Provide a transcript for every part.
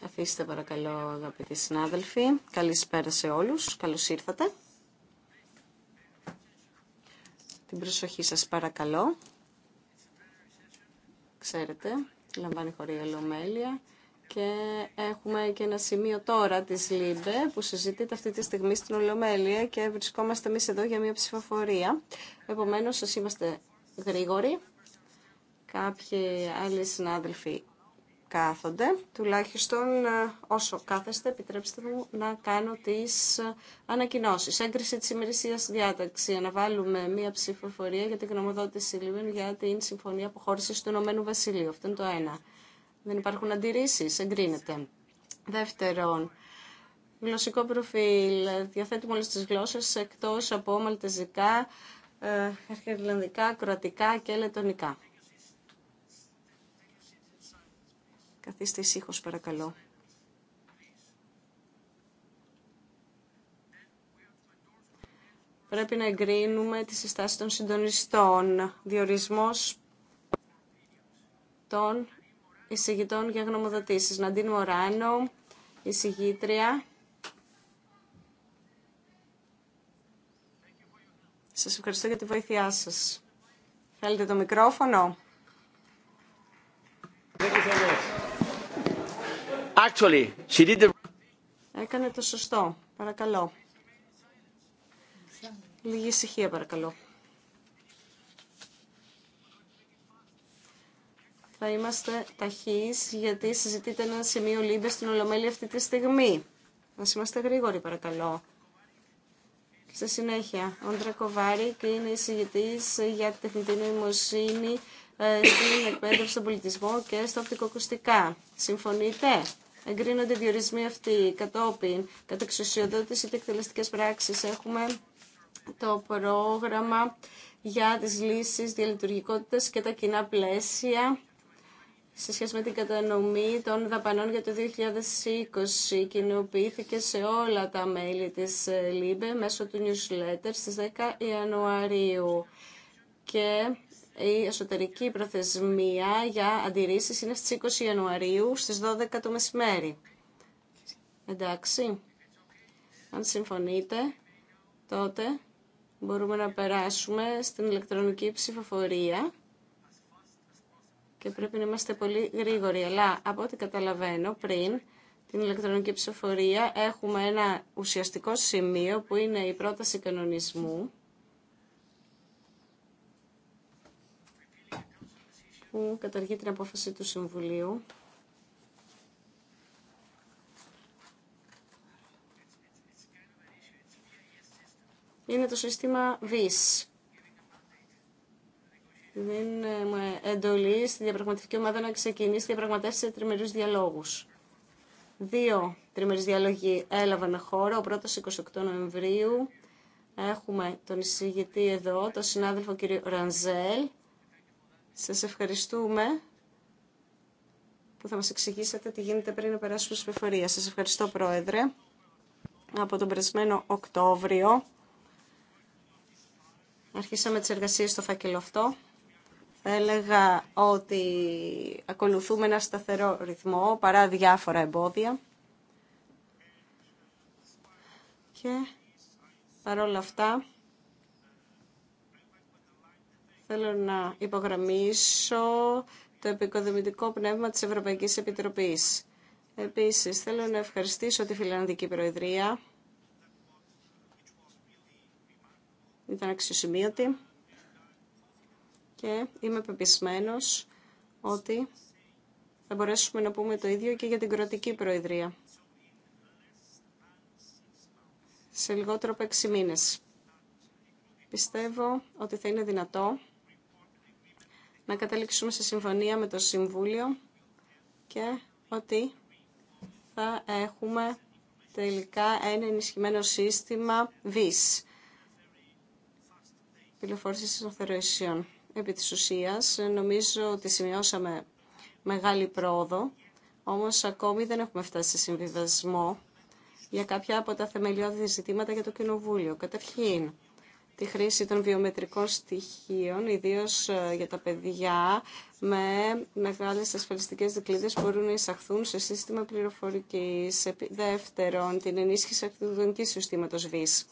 Καθίστε παρακαλώ αγαπητοί συνάδελφοι. Καλησπέρα σε όλους. Καλώς ήρθατε. Την προσοχή σας παρακαλώ. Ξέρετε, λαμβάνει χωρί ολομέλεια. Και έχουμε και ένα σημείο τώρα της ΛΥΜΠΕ που συζητείται αυτή τη στιγμή στην Ολομέλεια και βρισκόμαστε εμείς εδώ για μια ψηφοφορία. Επομένως, σας είμαστε γρήγοροι. Κάποιοι άλλοι συνάδελφοι κάθονται, τουλάχιστον ε, όσο κάθεστε, επιτρέψτε μου να κάνω τις ε, ανακοινώσεις. Έγκριση της ημερησίας διάταξη. Αναβάλουμε μία ψηφοφορία για την γνωμοδότηση Λίβεν για την Συμφωνία Αποχώρησης του Ηνωμένου Βασιλείου. Αυτό είναι το ένα. Δεν υπάρχουν αντιρρήσεις. Εγκρίνεται. Δεύτερον, γλωσσικό προφίλ. Διαθέτουμε όλες τις γλώσσες εκτός από μαλτεζικά, ε, αρχαιρλανδικά, κροατικά και λετονικά. Καθίστε ησύχως παρακαλώ. Πρέπει να εγκρίνουμε τις συστάσεις των συντονιστών. Διορισμός των εισηγητών για γνωμοδοτήσεις. Ναντίν Μωράνο, εισηγήτρια. Σας ευχαριστώ για τη βοήθειά σας. Θέλετε το μικρόφωνο. Thank Actually, she did the... Έκανε το σωστό. Παρακαλώ. Λίγη ησυχία, παρακαλώ. Θα είμαστε ταχείς, γιατί συζητείται ένα σημείο λίμπε στην ολομέλεια αυτή τη στιγμή. Να είμαστε γρήγοροι, παρακαλώ. Στη συνέχεια, ο Ντρακοβάρη και είναι εισηγητή για την τεχνητή νοημοσύνη ε, στην εκπαίδευση, στον πολιτισμό και στα οπτικοκουστικά. Συμφωνείτε? εγκρίνονται οι διορισμοί αυτοί. Κατόπιν, κατά εξουσιοδότηση και εκτελεστικές πράξεις, έχουμε το πρόγραμμα για τις λύσεις διαλειτουργικότητας και τα κοινά πλαίσια σε σχέση με την κατανομή των δαπανών για το 2020. Κοινοποιήθηκε σε όλα τα μέλη της ε, ΛΥΜΠΕ μέσω του newsletter στις 10 Ιανουαρίου. Και η εσωτερική προθεσμία για αντιρρήσεις είναι στις 20 Ιανουαρίου στις 12 το μεσημέρι. Εντάξει. Αν συμφωνείτε, τότε μπορούμε να περάσουμε στην ηλεκτρονική ψηφοφορία και πρέπει να είμαστε πολύ γρήγοροι. Αλλά από ό,τι καταλαβαίνω πριν, την ηλεκτρονική ψηφοφορία έχουμε ένα ουσιαστικό σημείο που είναι η πρόταση κανονισμού που καταργεί την απόφαση του Συμβουλίου είναι το σύστημα VIS. Δίνουμε ε, εντολή στη διαπραγματευτική ομάδα να ξεκινήσει διαπραγματεύσει σε τριμερεί διαλόγου. Δύο τριμερεί διαλόγοι έλαβαν χώρα. Ο πρώτο 28 Νοεμβρίου. Έχουμε τον εισηγητή εδώ, τον συνάδελφο κ. Ρανζέλ. Σας ευχαριστούμε που θα μας εξηγήσατε τι γίνεται πριν να περάσουμε στις πληροφορίες. Σας ευχαριστώ, Πρόεδρε. Από τον περασμένο Οκτώβριο αρχίσαμε τις εργασίες στο φάκελο αυτό. Θα έλεγα ότι ακολουθούμε ένα σταθερό ρυθμό παρά διάφορα εμπόδια. Και παρόλα αυτά Θέλω να υπογραμμίσω το επικοδομητικό πνεύμα της Ευρωπαϊκής Επιτροπής. Επίσης, θέλω να ευχαριστήσω τη Φιλανδική Προεδρία. Ήταν αξιοσημείωτη και είμαι πεπισμένος ότι θα μπορέσουμε να πούμε το ίδιο και για την Κροατική Προεδρία. Σε λιγότερο από έξι μήνες. Πιστεύω ότι θα είναι δυνατό να καταλήξουμε σε συμφωνία με το Συμβούλιο και ότι θα έχουμε τελικά ένα ενισχυμένο σύστημα ΒΙΣ, πληροφόρηση των Επί της ουσίας, νομίζω ότι σημειώσαμε μεγάλη πρόοδο, όμως ακόμη δεν έχουμε φτάσει σε συμβιβασμό για κάποια από τα θεμελιώδη ζητήματα για το Κοινοβούλιο. Καταρχήν, τη χρήση των βιομετρικών στοιχείων, ιδίως ε, για τα παιδιά με μεγάλες ασφαλιστικές δικλείδες μπορούν να εισαχθούν σε σύστημα πληροφορικής. Δεύτερον, την ενίσχυση αρχιτεκτονικής συστήματος ΒΙΣ.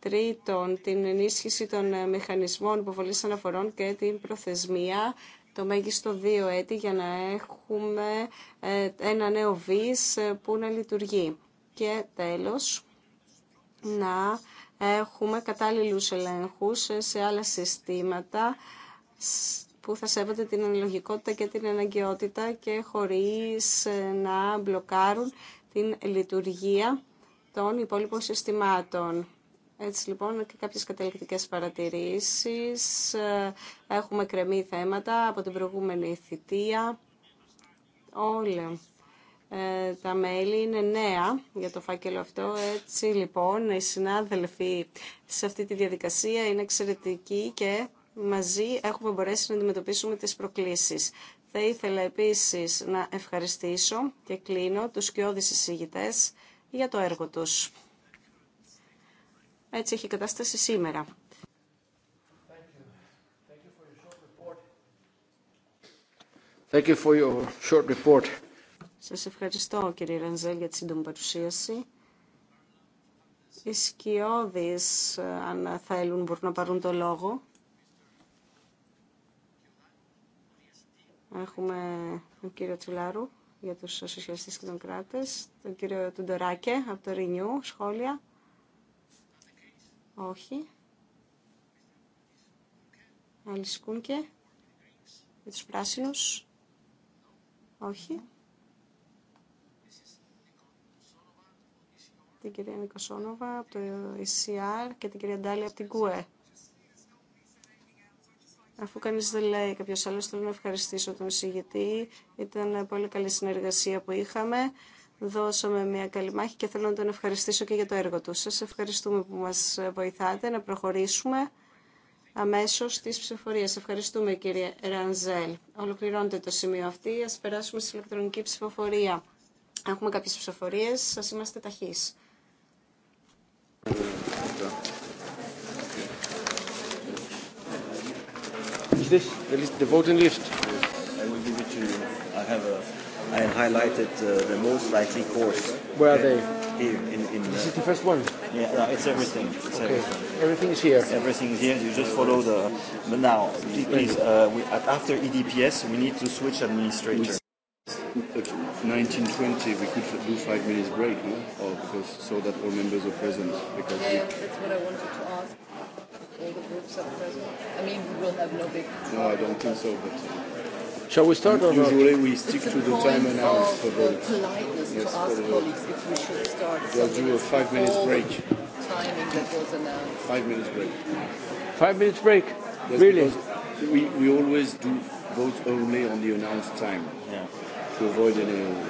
Τρίτον, την ενίσχυση των ε, μηχανισμών υποβολής αναφορών και την προθεσμία το μέγιστο δύο έτη για να έχουμε ε, ένα νέο ΒΙΣ που να λειτουργεί. Και τέλος, να έχουμε κατάλληλους ελέγχους σε άλλα συστήματα που θα σέβονται την αναλογικότητα και την αναγκαιότητα και χωρίς ε, να μπλοκάρουν την λειτουργία των υπόλοιπων συστημάτων. Έτσι λοιπόν και κάποιες καταληκτικές παρατηρήσεις. Ε, έχουμε κρεμεί θέματα από την προηγούμενη θητεία. Όλα ε, τα μέλη είναι νέα για το φάκελο αυτό. Έτσι λοιπόν οι συνάδελφοι σε αυτή τη διαδικασία είναι εξαιρετικοί και μαζί έχουμε μπορέσει να αντιμετωπίσουμε τις προκλήσεις. Θα ήθελα επίσης να ευχαριστήσω και κλείνω τους σκιώδεις εισηγητές για το έργο τους. Έτσι έχει η κατάσταση σήμερα. Thank you for your short σας ευχαριστώ κύριε Ρενζέλ, για τη σύντομη παρουσίαση. Οι σκιώδεις, ε, αν θέλουν, μπορούν να πάρουν το λόγο. Έχουμε τον κύριο Τσουλάρου για τους ασοσιαστές και τον κράτες, τον κύριο Τουντοράκε από το Ρινιού, σχόλια. Όχι. Άλλη και. για τους πράσινους. Όχι. την κυρία Νικοσόνοβα από το ECR και την κυρία Ντάλη από την ΚΟΕ. Αφού κανείς δεν λέει κάποιο άλλο, θέλω να ευχαριστήσω τον εισηγητή. Ήταν πολύ καλή συνεργασία που είχαμε. Δώσαμε μια καλή μάχη και θέλω να τον ευχαριστήσω και για το έργο του. Σας ευχαριστούμε που μας βοηθάτε να προχωρήσουμε αμέσως στις ψηφοφορίες. Ευχαριστούμε κύριε Ρανζέλ. Ολοκληρώνεται το σημείο αυτή. Ας περάσουμε στην ηλεκτρονική ψηφοφορία. Έχουμε κάποιες ψηφοφορίες. Σας είμαστε ταχύς. this? The, list, the voting list? I will give it to you. I have a. I highlighted uh, the most likely course. Where are they? Here in. in this is the first one. Yeah, no, it's everything. It's okay. everything. Everything is here. Everything is here. You just follow the. But now, please, uh, after EDPS, we need to switch administrators. 1920, we could do five minutes break, no? Oh, because so that all members are present. Because yeah, that's what I wanted to ask the groups are present? I mean, we will have no big... No, I don't think so, but... Shall we start or Usually we stick to the time and announced for votes. politeness yes, to ask colleagues if we should start. We'll do a five minutes break. Timing that was announced. Five minutes break. Five minutes break? really? We, we always do votes only on the announced time. Yeah. To avoid any... uh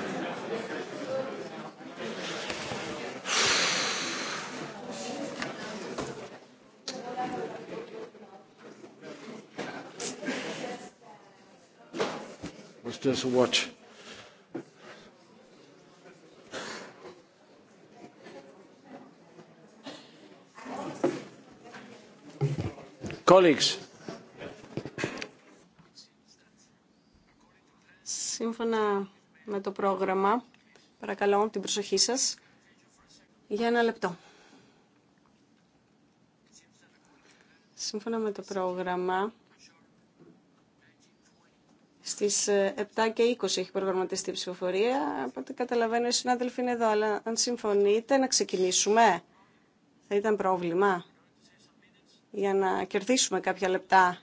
just watch. Colleagues. Σύμφωνα με το πρόγραμμα, παρακαλώ την προσοχή σας για ένα λεπτό. Σύμφωνα με το πρόγραμμα, στι 7 ε, και 20 έχει προγραμματιστεί η ψηφοφορία, οπότε καταλαβαίνω οι συνάδελφοι είναι εδώ, αλλά αν συμφωνείτε να ξεκινήσουμε. Θα ήταν πρόβλημα για να κερδίσουμε κάποια λεπτά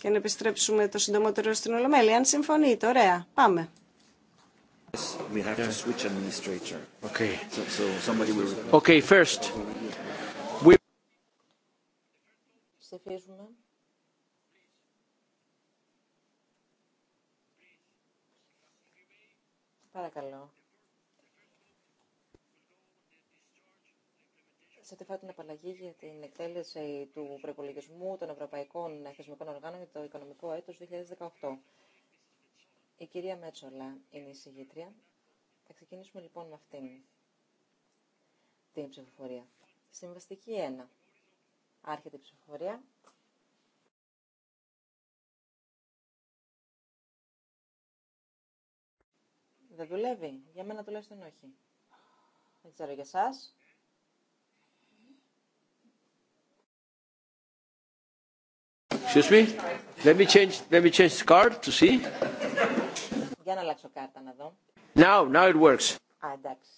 και να επιστρέψουμε το συντομότερο στην Ολομέλη. Αν συμφωνείτε, ωραία, πάμε. Okay. So, somebody will... Okay, first. We... Παρακαλώ. σε τεφά την απαλλαγή για την εκτέλεση του προπολογισμού των Ευρωπαϊκών Θεσμικών Οργάνων για το οικονομικό έτος 2018. Η κυρία Μέτσολα είναι η συγγήτρια. Θα ξεκινήσουμε λοιπόν με αυτήν την ψηφοφορία. Συμβαστική 1. Άρχεται η ψηφοφορία. Δεν δουλεύει. Για μένα τουλάχιστον όχι. Δεν ξέρω για σας. Excuse me. Let me change. Let me change the card to see. Για να αλλάξω κάρτα να δω. Now, now it works. Α, εντάξει.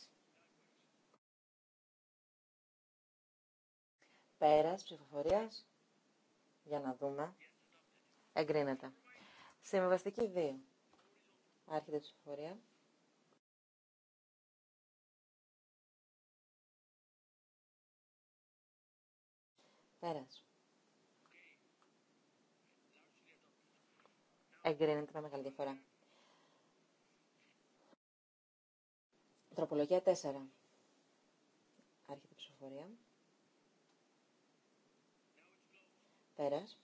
Πέρας ψηφοφορίας. Για να δούμε. Εγκρίνεται. Συμβαστική 2. Άρχεται η ψηφοφορία. Πέρας. Εγκρίνεται με μεγάλη διαφορά. Τροπολογία 4. Άρχεται η ψηφοφορία. Πέρας.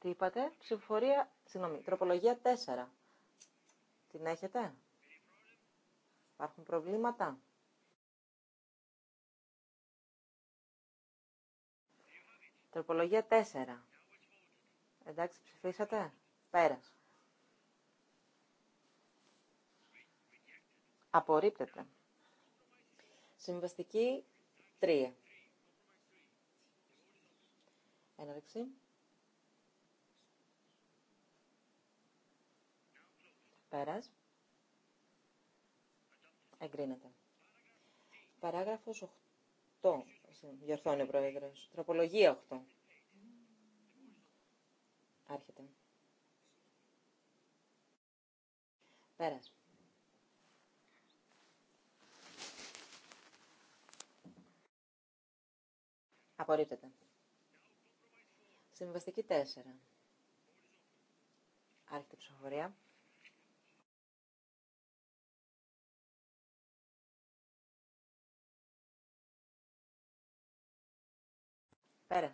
Τι είπατε, ψηφοφορία, συγγνώμη, τροπολογία 4. Την έχετε. Υπάρχουν προβλήματα. Τροπολογία 4. Εντάξει, ψηφίσατε. Πέρας. Απορρίπτεται. Συμβαστική 3. Έναρξη. Πέρας. Εγκρίνεται. Παράγραφος 8. Διορθώνει ο Πρόεδρος. Τροπολογία 8. Άρχεται. Πέρας. Απορρίπτεται. Συμβαστική 4. Άρχεται ψηφοφορία. Πέρα.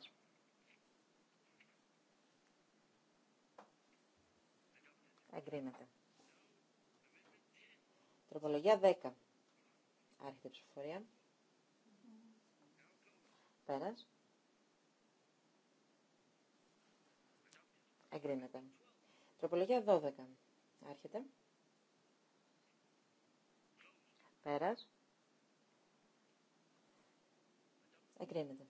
Εγκρίνεται. Τροπολογία 10. Άρχεται η ψηφοφορία. Πέρας. Εγκρίνεται. Τροπολογία 12. Άρχεται. Πέρας. Εγκρίνεται.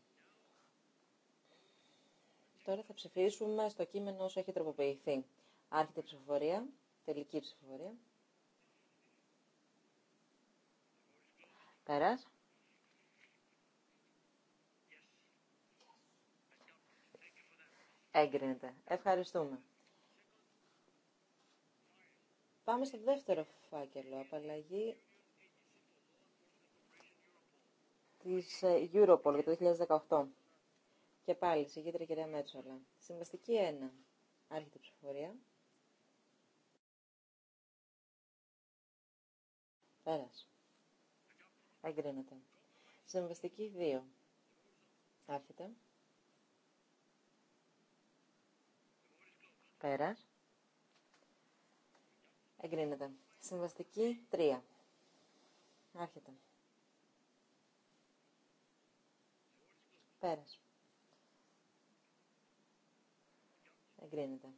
Τώρα θα ψηφίσουμε στο κείμενο όσο έχει τροποποιηθεί. Άρχεται η ψηφοφορία, τελική ψηφοφορία. Πέρας. Έγκρινεται. Ευχαριστούμε. Πάμε στο δεύτερο φάκελο. Απαλλαγή της ε, Europol για το 2018. Και πάλι, γύτρα κυρία Μέτσολα. Συμβαστική 1. Άρχεται η ψηφοφορία. Πέρας. Εγκρίνεται. Συμβαστική 2. Άρχεται. Πέρας. Εγκρίνεται. Συμβαστική 3. Άρχεται. Πέρας. Εγκρίνεται.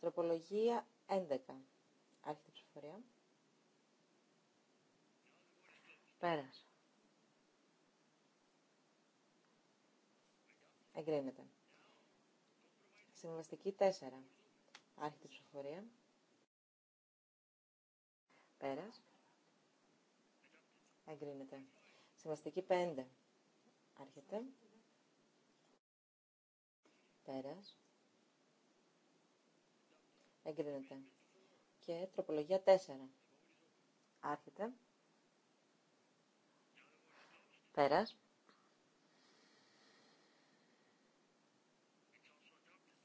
Τροπολογία 11. Άρχεται ψηφοφορία. Πέρας. Εγκρίνεται. Συμβαστική 4. Άρχεται η ψηφοφορία. Πέρας. Εγκρίνεται. Συμβαστική 5. Άρχεται. Πέρας. Εγκρίνεται. Και τροπολογία 4. Άρχεται. Πέρας.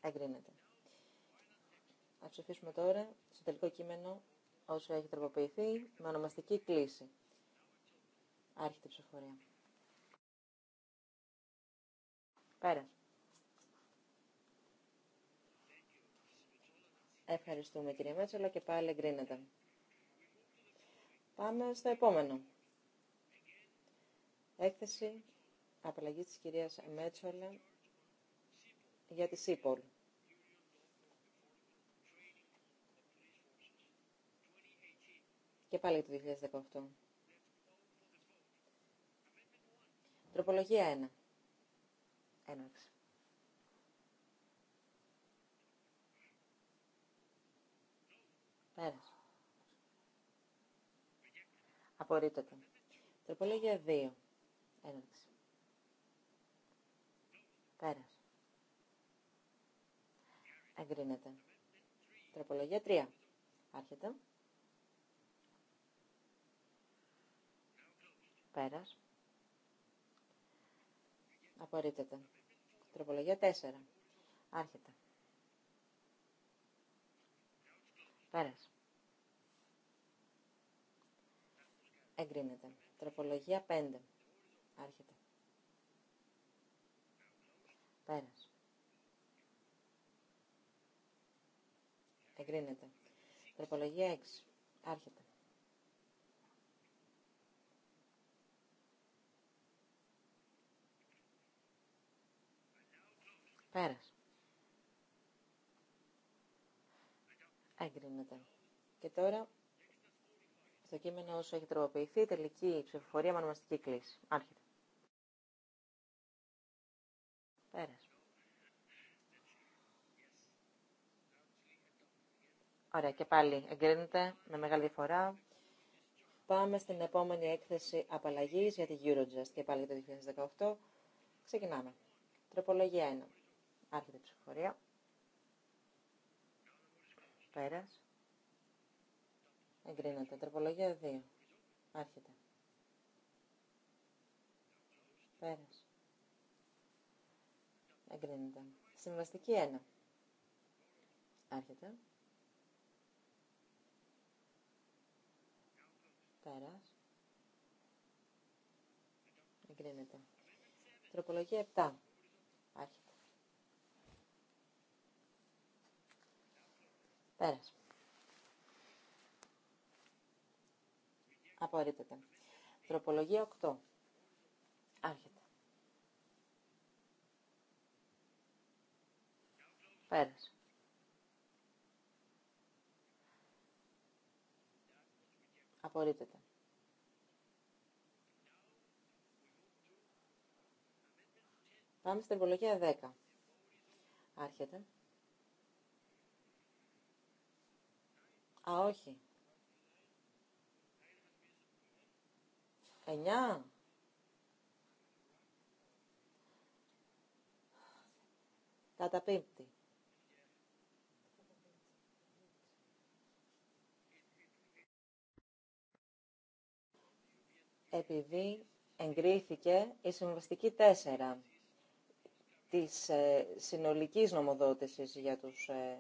Εγκρίνεται. Θα ψηφίσουμε τώρα στο τελικό κείμενο όσο έχει τροποποιηθεί με ονομαστική κλίση. Άρχεται η ψηφοφορία. Πέρας. Ευχαριστούμε κυρία Μέτσολα και πάλι εγκρίνεται. Πάμε στο επόμενο. Έκθεση απαλλαγή της κυρίας Μέτσολα για τη ΣΥΠΟΛ. Και πάλι το 2018. Τροπολογία 1. Έναρξη. Πέρας. Απορρίπτεται. Τροπολόγια 2. Έναρξη. Πέρας. Εγκρίνεται. Τροπολογία 3. Άρχεται. Πέρας. Απορρίπτεται. Τροπολογία 4. Άρχεται. Πέρας. Εγκρίνεται. Τροπολογία 5. Άρχεται. Πέρας. Εγκρίνεται. Τροπολογία 6. Άρχεται. Πέρας. Εγκρίνεται. Και τώρα στο κείμενο όσο έχει τροποποιηθεί, τελική ψηφοφορία με ονομαστική κλίση. Άρχεται. Πέρας. Ωραία, και πάλι εγκρίνεται με μεγάλη διαφορά. Πάμε στην επόμενη έκθεση απαλλαγή για την Eurojust και πάλι το 2018. Ξεκινάμε. Τροπολογία 1. Άρχεται η ψηφοφορία. Πέρας. Εγκρίνεται. Τροπολογία 2. Άρχεται. Πέρας. Εγκρίνεται. Συμβαστική 1. Άρχεται. Πέρας. Εγκρίνεται. Τροπολογία 7. Άρχεται. Πέρας. Απορρίπτεται. Τροπολογία 8. Άρχεται. Πέρασε. Απορρίπτεται. Πάμε στην τροπολογία 10. Άρχεται. Α, όχι. 9. Καταπέμπτη. Επειδή εγκρίθηκε η συμβαστική 4 της ε, συνολικής νομοδότησης για, τους, ε,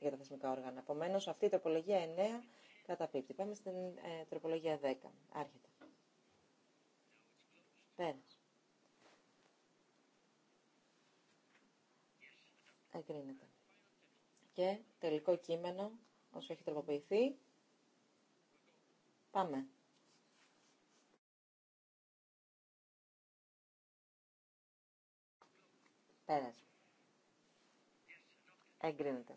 για τα θεσμικά όργανα. Επομένω, αυτή η τροπολογία 9 καταπίπτει. Πάμε στην ε, τροπολογία 10. Άρχεται. Πέρας. Εγκρίνεται. Και τελικό κείμενο, όσο έχει τροποποιηθεί. Πάμε. Πέρασε. Εγκρίνεται.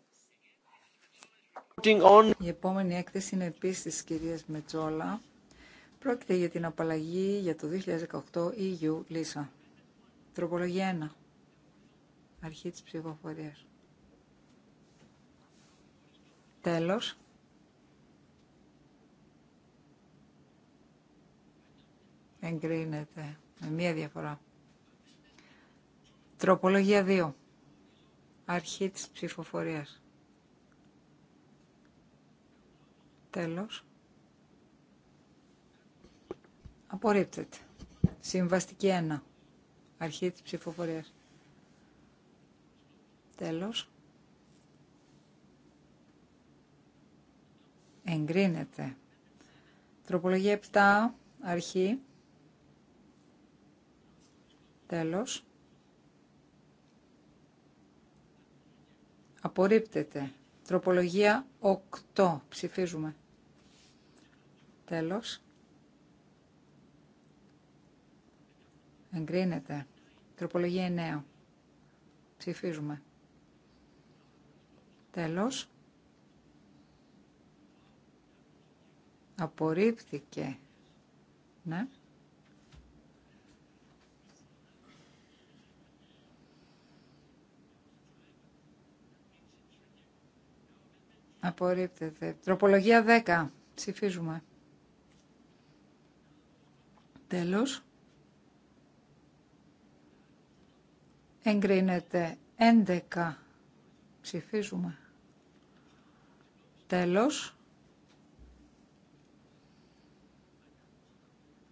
Η επόμενη έκθεση είναι επίσης της κυρίας Μετζόλα. Πρόκειται για την απαλλαγή για το 2018 EU Λίσα. Τροπολογία 1. Αρχή της ψηφοφορίας. Τέλος. Εγκρίνεται με μία διαφορά. Τροπολογία 2. Αρχή της ψηφοφορίας. Τέλος. Απορρίπτεται. Συμβαστική 1. Αρχή της ψηφοφορίας. Τέλος. Εγκρίνεται. Τροπολογία 7. Αρχή. Τέλος. Απορρίπτεται. Τροπολογία 8. Ψηφίζουμε. Τέλος. Εγκρίνεται. Τροπολογία 9. Ψηφίζουμε. Τέλος. Απορρίφθηκε. Ναι. Απορρίπτεται. Τροπολογία 10. Ψηφίζουμε. Τέλος. Εγκρίνεται 11. Ψηφίζουμε. Τέλος.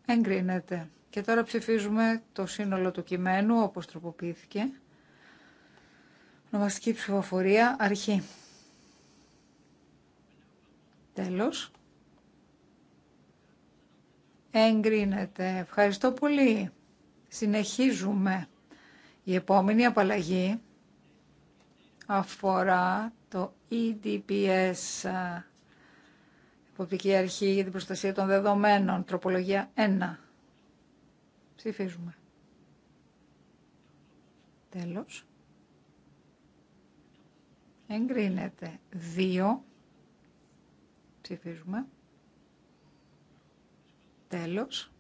Εγκρίνεται. Και τώρα ψηφίζουμε το σύνολο του κειμένου όπως τροποποιήθηκε. Ονομαστική ψηφοφορία αρχή. Τέλος. Εγκρίνεται. Ευχαριστώ πολύ. Συνεχίζουμε. Η επόμενη απαλλαγή αφορά το EDPS, ε, Εποπτική Αρχή για την Προστασία των Δεδομένων, τροπολογία 1. Ψηφίζουμε. Τέλος. Εγκρίνεται 2. Ψηφίζουμε. Τέλος.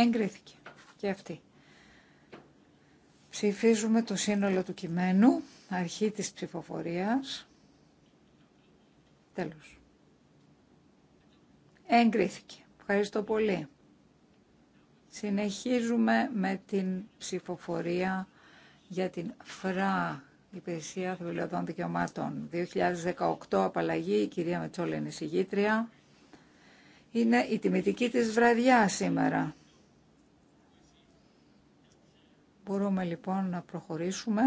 Εγκρίθηκε και αυτή. Ψηφίζουμε το σύνολο του κειμένου, αρχή της ψηφοφορίας. Τέλος. Εγκρίθηκε. Ευχαριστώ πολύ. Συνεχίζουμε με την ψηφοφορία για την ΦΡΑ, Υπηρεσία Θεμελιωδών Δικαιωμάτων. 2018 απαλλαγή, η κυρία Μετσόλα είναι Είναι η τιμητική της βραδιά σήμερα. Μπορούμε λοιπόν να προχωρήσουμε.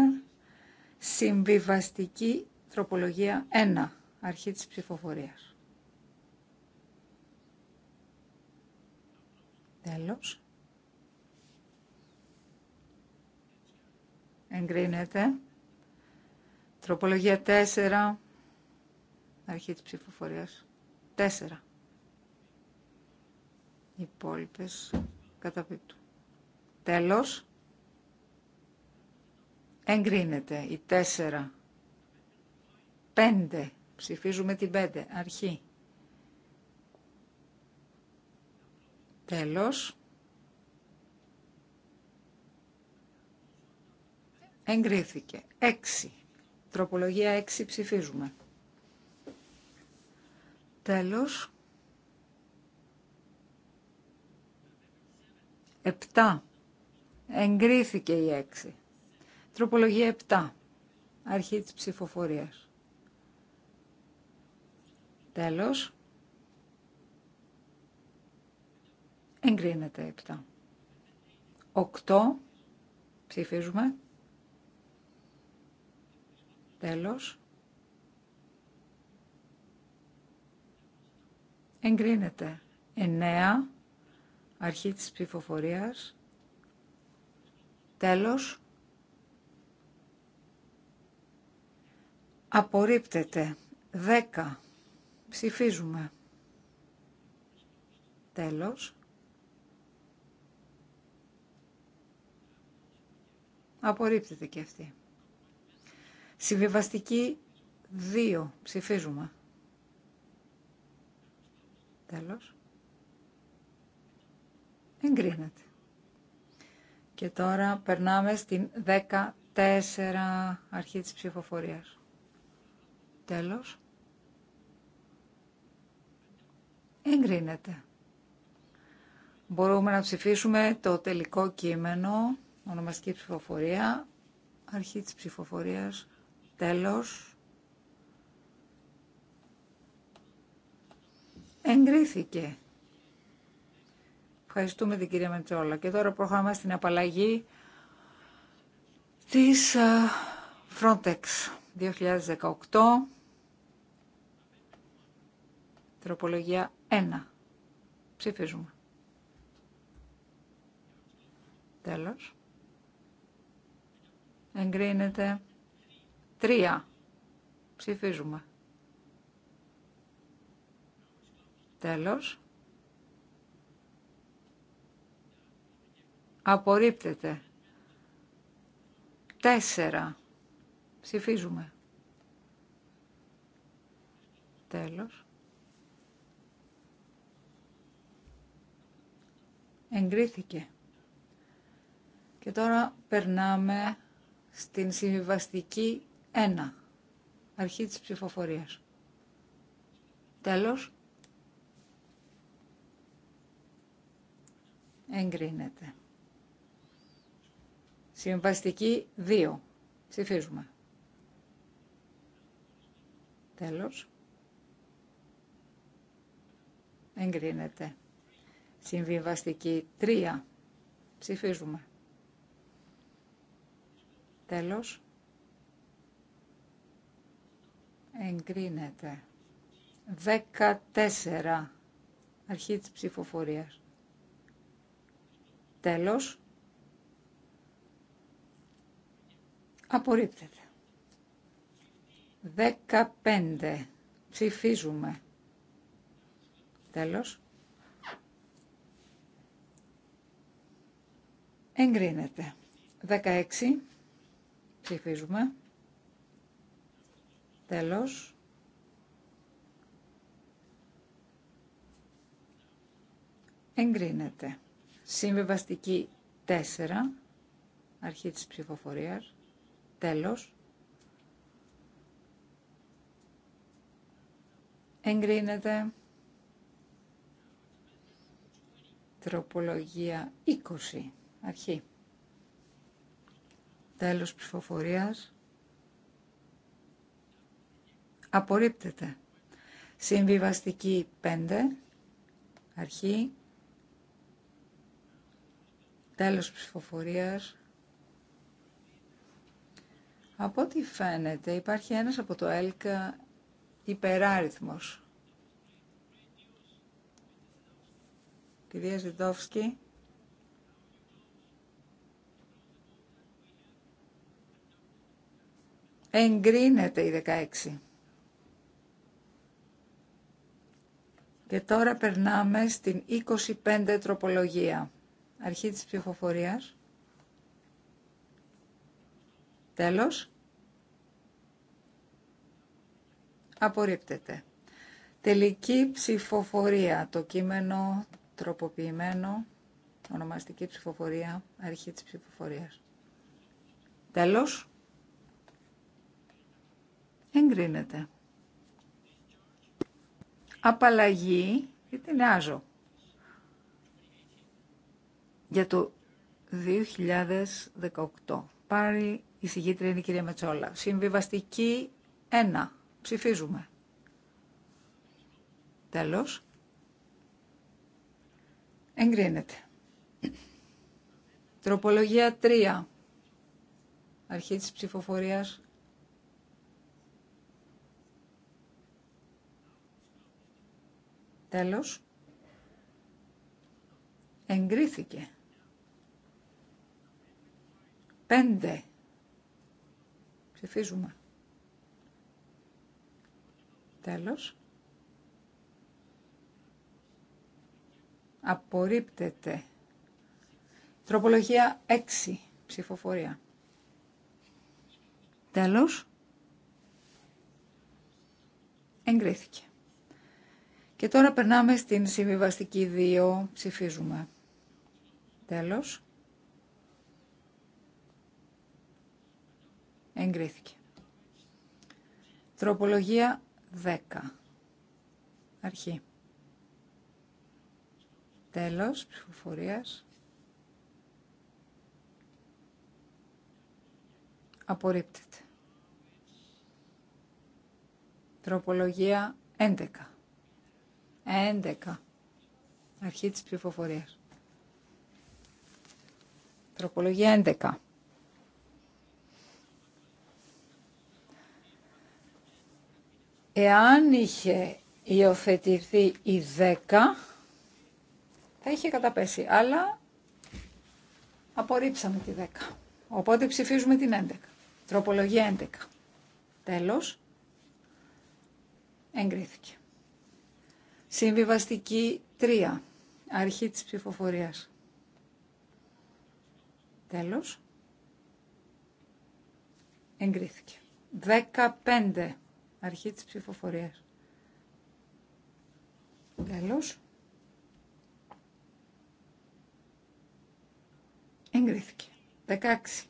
Συμβιβαστική τροπολογία 1, αρχή της ψηφοφορίας. Τέλος. Εγκρίνεται. Τροπολογία 4, αρχή της ψηφοφορίας. 4. υπόλοιπες καταπίπτουν. Τέλος. Εγκρίνεται η 4. 5. Ψηφίζουμε την 5. Αρχή. Τέλος. Εγκρίθηκε. 6. Τροπολογία 6 ψηφίζουμε. Τέλος. 7. Εγκρίθηκε η 6. Τροπολογία 7. Αρχή της ψηφοφορίας. Τέλος. Εγκρίνεται 7. 8. Ψηφίζουμε. Τέλος. Εγκρίνεται 9. Αρχή της ψηφοφορίας. Τέλος. Απορρίπτεται. 10. Ψηφίζουμε. Τέλος. Απορρίπτεται και αυτή. Συμβιβαστική 2. Ψηφίζουμε. Τέλος. Εγκρίνεται. Και τώρα περνάμε στην 14 αρχή της ψηφοφορίας. Τέλος. Εγκρίνεται. Μπορούμε να ψηφίσουμε το τελικό κείμενο, ονομαστική ψηφοφορία, αρχή της ψηφοφορίας, τέλος. Εγκρίθηκε. Ευχαριστούμε την κυρία Μετσόλα. Και τώρα προχωράμε στην απαλλαγή της ε, Frontex. 2018 τροπολογία 1 ψηφίζουμε τέλος εγκρίνεται 3 ψηφίζουμε τέλος απορρίπτεται 4 Ψηφίζουμε. Τέλος. Εγκρίθηκε. Και τώρα περνάμε στην συμβιβαστική 1. Αρχή της ψηφοφορίας. Τέλος. Εγκρίνεται. Συμβαστική 2. Ψηφίζουμε. Τέλος. Εγκρίνεται. Συμβιβαστική 3. Ψηφίζουμε. Τέλος. Εγκρίνεται. 14. Αρχή της ψηφοφορίας. Τέλος. Απορρίπτεται. 15. Ψηφίζουμε. Τέλος. Εγκρίνεται. 16. Ψηφίζουμε. Τέλος. Εγκρίνεται. Συμβιβαστική 4. Αρχή της ψηφοφορίας. Τέλος. εγκρίνεται. Τροπολογία 20, αρχή. Τέλος ψηφοφορίας. Απορρίπτεται. Συμβιβαστική 5, αρχή. Τέλος ψηφοφορίας. Από ό,τι φαίνεται υπάρχει ένας από το ΕΛΚΑ υπεράριθμος. Κυρία Ζητόφσκη. Εγκρίνεται η 16. Και τώρα περνάμε στην 25 τροπολογία. Αρχή της ψηφοφορίας. Τέλος. Απορρίπτεται. Τελική ψηφοφορία. Το κείμενο τροποποιημένο. Ονομαστική ψηφοφορία. Αρχή της ψηφοφορίας. Τέλος. Εγκρίνεται. Απαλλαγή. την άζω. Για το 2018. Πάρει η συγκήτρια είναι η κυρία Μετσόλα. Συμβιβαστική 1. Ψηφίζουμε. Τέλος. Εγκρίνεται. Τροπολογία 3. Αρχή της ψηφοφορίας. Τέλος. Εγκρίθηκε. 5. Ψηφίζουμε. Τέλος. Απορρίπτεται. Τροπολογία 6. Ψηφοφορία. Τέλος. Εγκρίθηκε. Και τώρα περνάμε στην συμβιβαστική 2. Ψηφίζουμε. Τέλος. Εγκρίθηκε. Τροπολογία 10. Αρχή. Τέλος ψηφοφορίας. Απορρίπτεται. Τροπολογία 11. 11. Αρχή της ψηφοφορίας. Τροπολογία 11. Εάν είχε υιοθετηθεί η 10, θα είχε καταπέσει. Αλλά απορρίψαμε τη 10. Οπότε ψηφίζουμε την 11. Τροπολογία 11. Τέλος. Εγκρίθηκε. Συμβιβαστική 3. Αρχή της ψηφοφορίας. Τέλος. Εγκρίθηκε. 15 αρχή της ψηφοφορίας. Τέλος. Εγκρίθηκε. 16.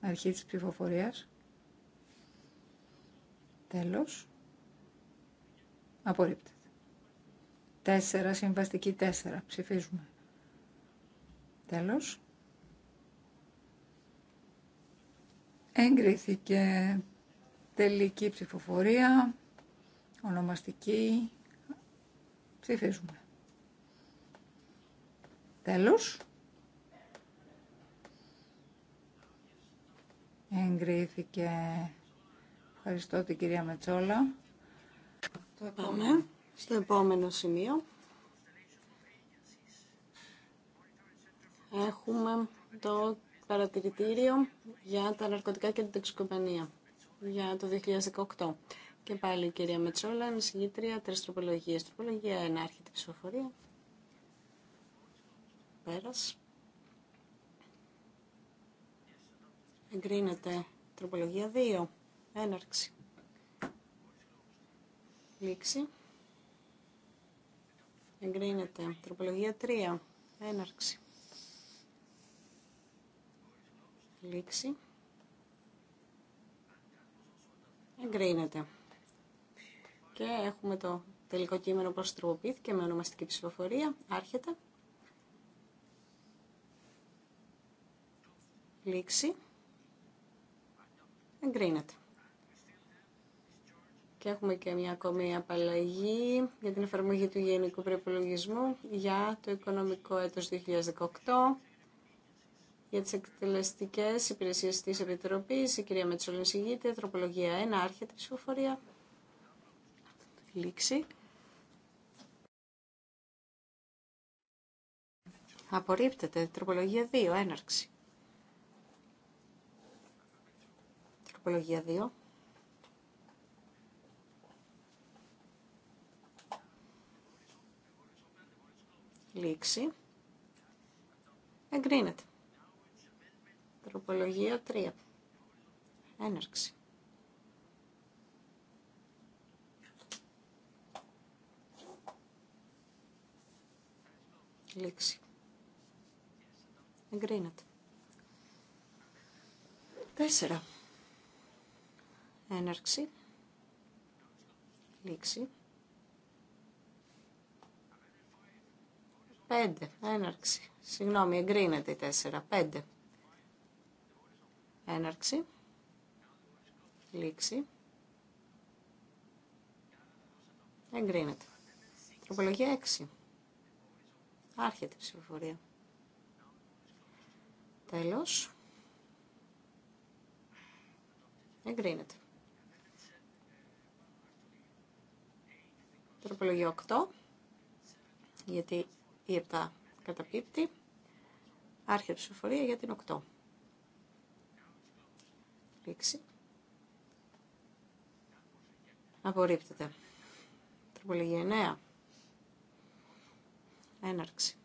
Αρχή της ψηφοφορίας. Τέλος. Απορρίπτεται. 4. Συμβαστική 4. Ψηφίζουμε. Τέλος. Εγκρίθηκε. Τελική ψηφοφορία, ονομαστική, ψηφίζουμε. Τέλος. Εγκρίθηκε. Ευχαριστώ την κυρία Μετσόλα. Πάμε στο επόμενο σημείο. Έχουμε το παρατηρητήριο για τα ναρκωτικά και την για το 2018. Και πάλι η κυρία Μετσόλα, συγγητρία, τρεις τροπολογίες. Τροπολογία 1, άρχεται ψηφοφορία. Πέρας. Εγκρίνεται τροπολογία 2, έναρξη. Λήξη. Εγκρίνεται τροπολογία 3, έναρξη. Λήξη. Εγκρίνεται. Και έχουμε το τελικό κείμενο που τροποποιήθηκε με ονομαστική ψηφοφορία. Άρχεται. Λήξη. Εγκρίνεται. Και έχουμε και μια ακόμη απαλλαγή για την εφαρμογή του Γενικού Προπολογισμού για το οικονομικό έτος 2018 για τις εκτελεστικές υπηρεσίες της Επιτροπής. Η κυρία Μετσόλη Τροπολογία 1. Άρχεται η ψηφοφορία. Λήξη. Απορρίπτεται. Τροπολογία 2. Έναρξη. Τροπολογία 2. Λήξη. Εγκρίνεται. Τροπολογία 3. Έναρξη. Λήξη. Εγκρίνεται. 4. Έναρξη. Λήξη. 5. Έναρξη. Συγγνώμη, εγκρίνεται η 4. 5. Έναρξη. Λήξη. Εγκρίνεται. Τροπολογία 6. Άρχεται η ψηφοφορία. Τέλος. Εγκρίνεται. Τροπολογία 8. Γιατί η 7 καταπίπτει. Άρχεται η ψηφοφορία για την 8 λήξη. Απορρίπτεται. Τροπολογία 9. Έναρξη.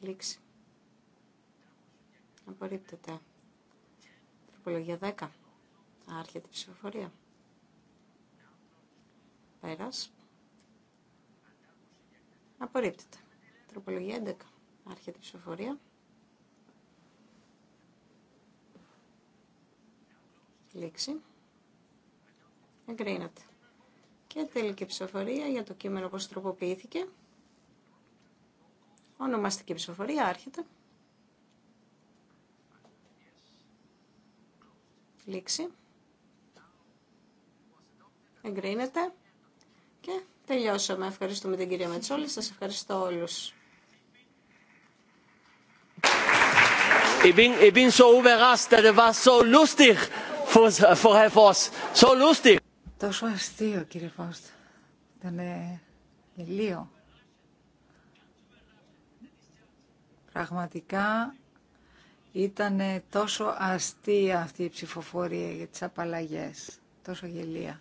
Λήξη. Απορρίπτεται. Τροπολογία 10. Άρχεται η ψηφοφορία. Πέρας. Απορρίπτεται. Τροπολογία 11. Άρχεται η ψηφοφορία. Λήξη. Εγκρίνεται. Και τελική ψηφοφορία για το κείμενο πως τροποποιήθηκε. Ονομαστική ψηφοφορία άρχεται. Λήξη. Εγκρίνεται. Και τελειώσαμε. Ευχαριστούμε την κυρία Μετσόλη. Σας ευχαριστώ όλους. Τόσο αστείο, κύριε Φώστα. Ήταν γελίο. Πραγματικά ήταν τόσο αστεία αυτή η ψηφοφορία για τις απαλλαγές. Τόσο γελία.